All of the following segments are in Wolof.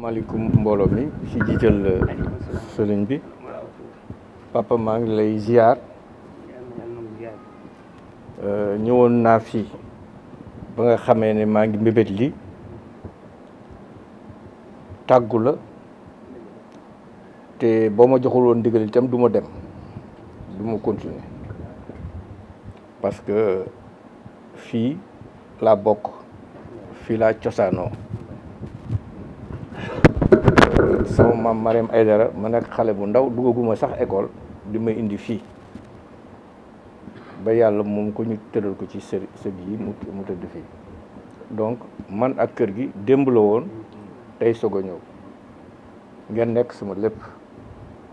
maaleykum mbooloo mi ci jiital euh, sëriñ bi papa maa ngi lay ziar euh, ñëwoon naa fi ba nga xamee ne maa ngi mbébét li tàggu la te boo ma joxul woon ndigal duma dem du ma continuer parce que fii laa bokk fii laa cosaanoo sama maam Mariam Aydara ma nekk xale bu ndaw duggaguma sax école di may indi fii ba yàlla moom ko ñu tëral ko ci sër sëg yi mu mu tëdd fii donc man ak kër gi démb la woon tey soog a ñëw ngeen nekk sama lépp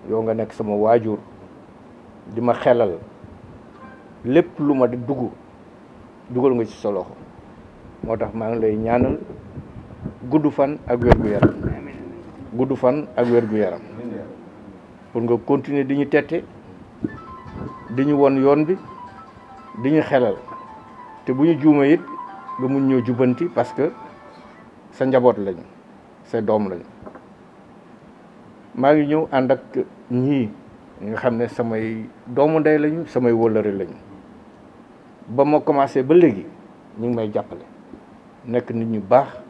yow nga nekk sama waajur di ma xelal lépp lu ma di dugg dugal nga ci sa moo tax maa ngi lay ñaanal gudd fan ak wér gu yaram gudd fan ak wér yaram pour nga continuer di ñu tette di ñu won yoon bi di ñu xelal te bu ñu juuma it nga mun ñoo jubanti parce que sa njaboot lañu sa doom lañu maa ngi ñëw ànd ak ñii nga xam ne samay doomu ndey lañu samay wëllëre lañu ba ma commencé ba léegi ñu ngi may jàppale nekk nit ñu baax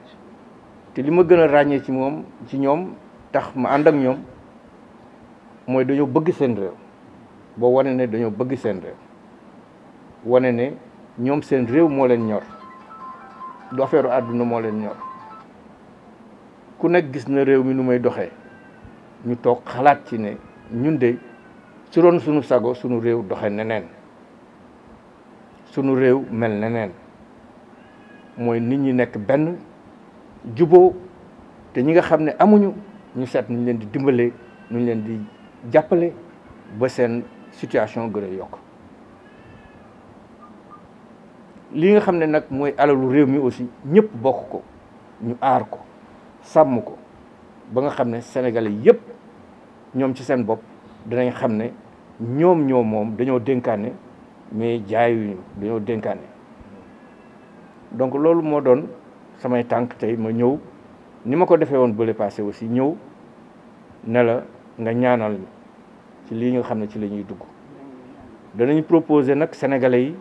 te li ma gën a ràññee ci moom ci ñoom tax ma ànd ak ñoom mooy dañoo bëgg seen réew boo wane ne dañoo bëgg seen réew wane ne ñoom seen réew moo leen ñor du affaire àdduna moo leen ñor ku nekk gis na réew mi nu may doxee ñu toog xalaat ci ne ñun de su doon suñu sago suñu réew doxe neneen sunu réew mel neneen mooy nit ñi nekk benn juboo te ñi nga xam ne amuñu ñu seet nuñ leen di dimbalee nuñ leen di jàppale ba seen situation gën yokk li nga xam ne nag mooy alalu réew mi aussi ñëpp bokk ko ñu aar ko sàmm ko ba nga xam ne sénégalais yëpp ñoom ci seen bopp danañ xam ne ñoom ñoo moom dañoo dénkaane mais jaayuñu dañoo dénkaane donc loolu moo doon samay tànk tey ma ñëw ni ma ko defee woon bële passé aussi ñëw ne la nga ñaanal ci lii nga xam ne ci la ñuy dugg danañ proposer nag sénégalais yi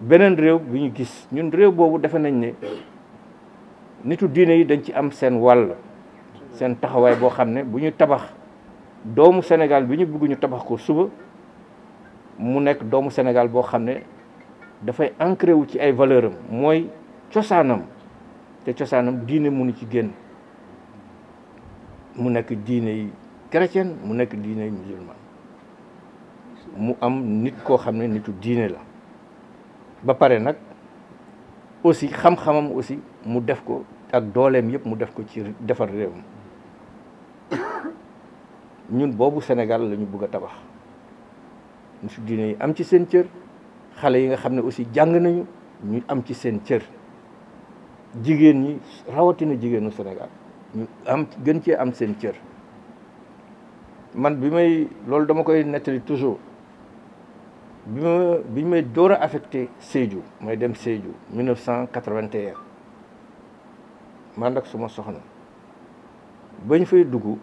beneen réew bi ñu gis ñun réew boobu defe nañ ne nitu diine yi dañ ci am seen wàll seen taxawaay boo xam ne bu ñu tabax doomu Sénégal bi ñu bëgg tabax ko suba mu nekk doomu Sénégal boo xam ne dafay ancré wu ci ay valeur am mooy cosaanam te cosaanam diine mënu ci génn mu nekk diine yi chrétienne mu nekk diine yi musulman mu am nit koo xam ne nitu diine la ba pare nag aussi xam-xamam aussi mu def ko ak dooleem yëpp mu def ko ci defar réewam ñun boobu Sénégal lañu ñu a tabax nitu diine yi am ci seen cër xale yi nga xam ne aussi jàng nañu ñu am ci seen cër jigéen ñi rawatina jigéenu Sénégal am gën cee am seen cër man bi may loolu dama koy nettali toujours bi ma bi may door a affecté Sédhiou may dem Sédhiou 1981 man nag suma soxna bañ fay dugg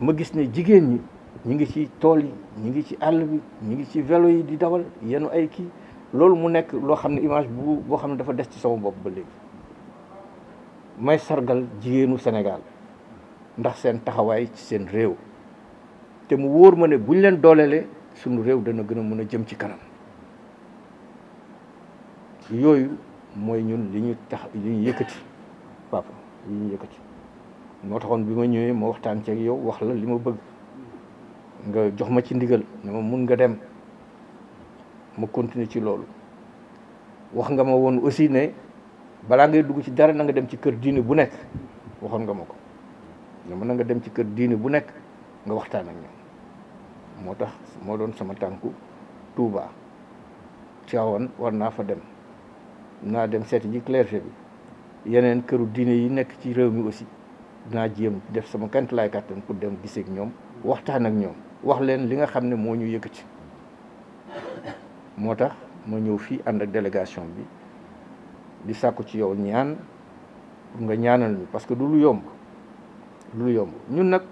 ma gis ne jigéen ñi ñu ngi ci tool yi ñu ngi ci àll bi ñu ngi ci vélo yi di dawal yenu ay kii loolu mu nekk loo xam ne image bu boo xam ne dafa des ci sama bopp ba léegi may sargal jigéenu Sénégal ndax seen taxawaay ci seen réew te mu wóor ma ne bu ñu leen dooleele suñu réew dana gën a mën a jëm ci kanam yooyu mooy ñun li ñu tax li ñu yëkkati papa li ñu yëkkati moo taxoon bi ma ñëwee ma waxtaan ceeg yow wax la li ma bëgg nga jox ma ci ndigal ne ma mun nga dem ma continuer ci loolu wax nga ma woon aussi ne balaa ngay dugg ci dara na nga dem ci kër diine bu nekk waxoon nga ma ko nga mën na nga dem ci kër diine bu nekk nga waxtaan ak ñoom moo tax moo doon sama tànku Touba Tivaouane war naa fa dem naa dem seeti ji clergé bi yeneen këru diine yi nekk ci réew mi aussi dinaa jéem def sama kant laay kàttan pour dem giseek ñoom waxtaan ak ñoom wax leen li nga xam ne moo ñu yëkkati moo tax ma ñëw fii ànd ak délégation bi di sàkku ci yow ñaan pour nga ñaanal ñu parce que du lu yomb du lu yomb ñun nag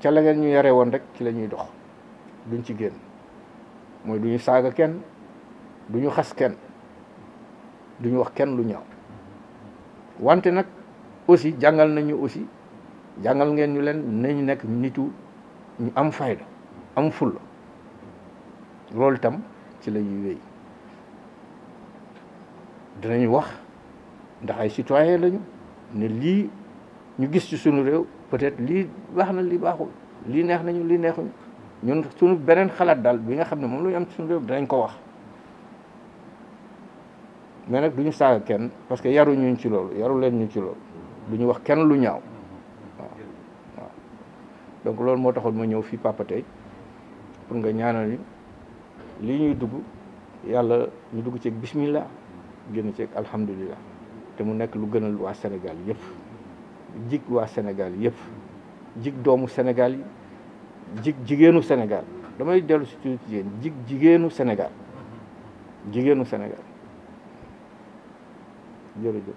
ca la ñu yare woon rek ci la ñuy dox duñ ci génn mooy du ñu saaga kenn du ñu xas kenn du ñu wax kenn lu ñaaw wante nag aussi jàngal nañu aussi jàngal ngeen ñu leen nañu nekk nitu ñu am fayda am fulla loolu tam ci la ñuy wéy dinañ wax ndax ay citoyen lañu ne lii ñu gis ci suñu réew peut-être lii baax na lii baaxul lii neex nañu lii neexuñu ñun suñu beneen xalaat daal bi nga xam ne moom la ñu am ci suñu réew dinañ ko wax mais nag du ñu saaga kenn parce que yaru ñu ci loolu yaru leen ñu ci loolu du ñu wax kenn lu ñaaw waaw mm-hmm. waaw donc loolu moo taxoon ma ñëw fii papa pour nga ñaanal ñu lii ñuy dugg yàlla ñu dugg ci bismillah génn ci alhamdulilah te mu nekk lu gënal waa senegal yëpp jig waa senegal yëpp jik doomu senegal yi jig jigéenu Sénégal damay dellu si tuuti jigéen jig jigéenu senegal jigéenu Sénégal jërëjëf.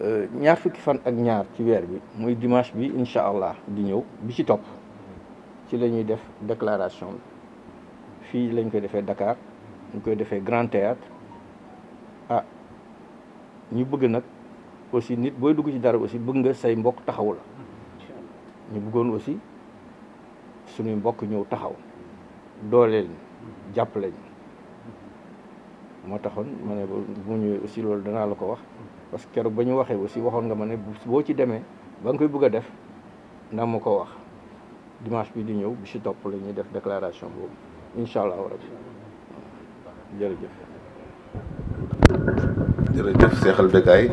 Euh, ñaar fukki fan ak ñaar ci weer bi muy dimanche bi incha allah di ñëw bi ci topp ci la ñuy def déclaration fii lañ koy defee dakaar ñu koy defee Grand Théâtre ah ñu bëgg nag aussi nit booy dugg ci dara aussi bëgg nga say mbokk taxaw la ñu bëggoon aussi suñuy mbokk ñëw taxaw dooleel jàppale ñu moo taxoon ma ne bu mu ñëwee aussi loolu danaa la ko wax parce que keroog ba ñu waxee aussi waxoon nga ma ne boo ci demee ba nga koy bëgg a def na ma ko wax dimanche bi di ñëw bi si topp la ñuy def déclaration boobu incha allah rabi jërëjëf. jërëjëf Cheikh Al Becaye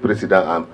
président am